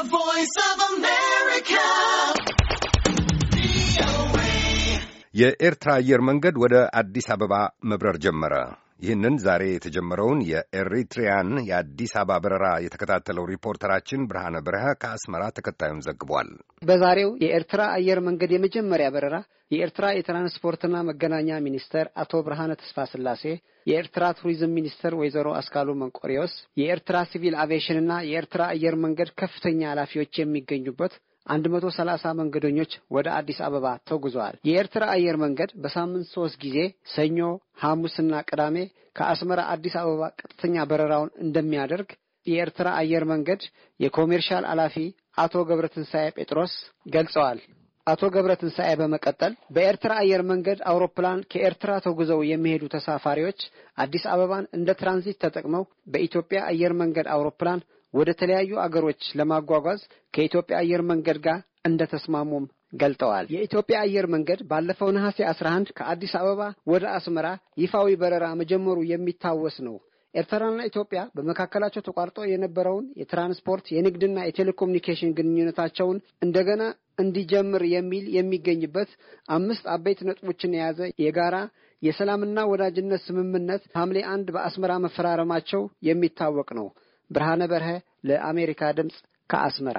The Voice of America. የኤርትራ አየር መንገድ ወደ አዲስ አበባ መብረር ጀመረ። ይህንን ዛሬ የተጀመረውን የኤሪትሪያን የአዲስ አበባ በረራ የተከታተለው ሪፖርተራችን ብርሃነ በረሃ ከአስመራ ተከታዩን ዘግቧል። በዛሬው የኤርትራ አየር መንገድ የመጀመሪያ በረራ የኤርትራ የትራንስፖርትና መገናኛ ሚኒስተር አቶ ብርሃነ ተስፋ ስላሴ፣ የኤርትራ ቱሪዝም ሚኒስተር ወይዘሮ አስካሉ መንቆሪዎስ፣ የኤርትራ ሲቪል አቪዬሽንና የኤርትራ አየር መንገድ ከፍተኛ ኃላፊዎች የሚገኙበት ሰላሳ መንገደኞች ወደ አዲስ አበባ ተጉዘዋል። የኤርትራ አየር መንገድ በሳምንት ሶስት ጊዜ ሰኞ፣ ሐሙስና ቅዳሜ ከአስመራ አዲስ አበባ ቀጥተኛ በረራውን እንደሚያደርግ የኤርትራ አየር መንገድ የኮሜርሻል ኃላፊ አቶ ገብረትንሳኤ ጴጥሮስ ገልጸዋል። አቶ ገብረ ትንሣኤ በመቀጠል በኤርትራ አየር መንገድ አውሮፕላን ከኤርትራ ተጉዘው የሚሄዱ ተሳፋሪዎች አዲስ አበባን እንደ ትራንዚት ተጠቅመው በኢትዮጵያ አየር መንገድ አውሮፕላን ወደ ተለያዩ አገሮች ለማጓጓዝ ከኢትዮጵያ አየር መንገድ ጋር እንደተስማሙም ገልጠዋል። የኢትዮጵያ አየር መንገድ ባለፈው ነሐሴ 11 ከአዲስ አበባ ወደ አስመራ ይፋዊ በረራ መጀመሩ የሚታወስ ነው። ኤርትራና ኢትዮጵያ በመካከላቸው ተቋርጦ የነበረውን የትራንስፖርት የንግድና የቴሌኮሙኒኬሽን ግንኙነታቸውን እንደገና እንዲጀምር የሚል የሚገኝበት አምስት አበይት ነጥቦችን የያዘ የጋራ የሰላምና ወዳጅነት ስምምነት ሐምሌ አንድ በአስመራ መፈራረማቸው የሚታወቅ ነው። ብርሃነ በርሀ ለአሜሪካ ድምፅ ከአስመራ